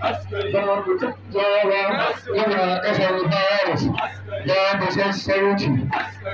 da ƙasar virus ya musassauci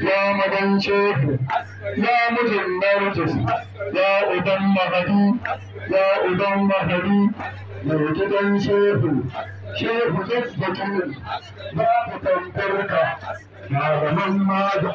ya madance ku ya mijin narjis ya uban mahadi ya mahadi mai gidan shehu shehu yadda kiri birka tambarka malaman maza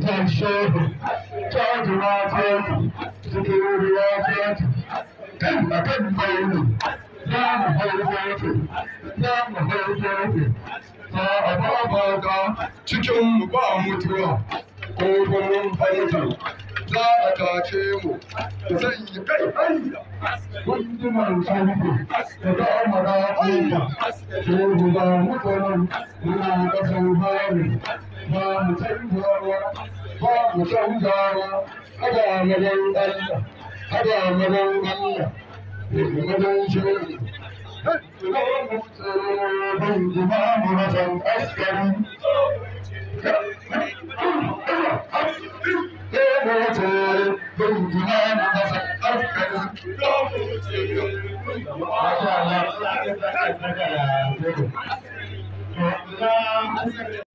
Jack Shepherd, George Watford, Security Watford, kan ta. kan bayani, za mu hau zafi, za mu hau zafi, ba a ba ka cikin mu ba mutuwa, ko gumin Za a tashe mu, da zan yi kai aida, gundunar sulhu, da za mu na aida, shehu ba mutunan, bari. ba mu canjawa ba mu canjawa kada madan Allah kada madan Allah madan shehu ban zuba mu rasan askari ban zuba mu rasan askari